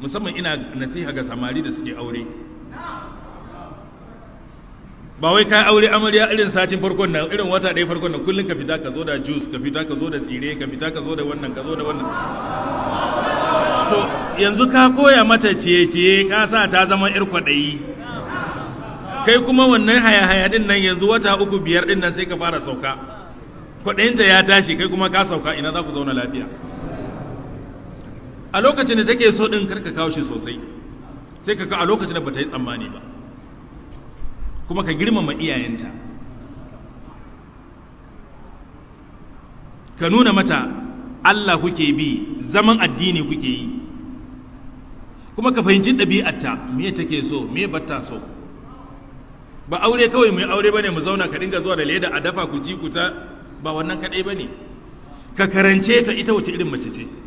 musamman ina nasiha ga samari da suke aure ba wai ka aure amarya irin satin farkon nan irin wata ɗaya farkon nan kullum ka fita ka zo da juice ka fita ka zo da tsire ka fita ka zo da wannan ka zo da wannan to yanzu ka koya mata ciye-ciye ka sa ta zama ir kwaɗayi kai kuma wannan haya-haya din nan yanzu wata uku biyar din nan sai ka fara sauka kwaɗayinta ya tashi kai kuma ka sauka ina za ku zauna lafiya a lokacin da take so din karka kawo shi sosai sai ka a lokacin da bata yi tsammani ba kuma ka girmama iyayenta ka nuna mata Allah kuke bi zaman addini kuke yi kuma ka fahimci ɗabi'arta me take so me ta so ba aure kawai mai aure bane mu zauna ka dinga zuwa da leda a dafa ku ji ku ta ba wannan kadai bane ka karance ta ita wace irin mace ce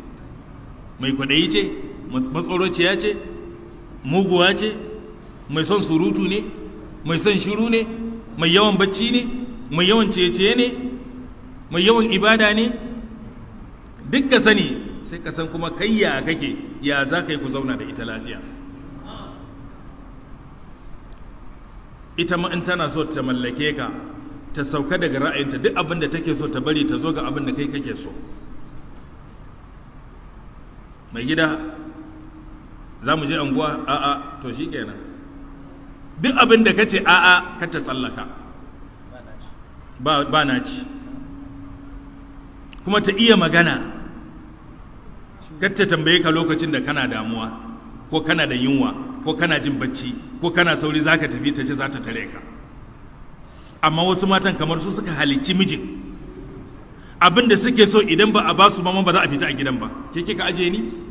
mai kwaɗayi ce matsoraciya ce muguwa ce mai son surutu ne mai son shiru ne mai yawan bacci ne mai yawan cece ne mai yawan ibada ne duk ka sani sai ka san kuma kai ya kake ya za ka yi ku zauna da ita lafiya ita ma in tana so ta mallake ka ta sauka daga ra'ayinta duk abin da take so ta bari ta zo ga abin da kai kake so mai gida za mu je anguwa a'a to shi kenan duk abin da kace a'a ka ta tsallaka ba na ci kuma ta iya magana kar ta tambaye ka lokacin da kana damuwa ko kana da yunwa ko kana jin bacci ko kana sauri za ka tafi ta ce za ta tare ka amma wasu matan kamar su suka halicci mijin abin da suke so idan ba a ba su ba za a fita a gidan ba ke ka aje ni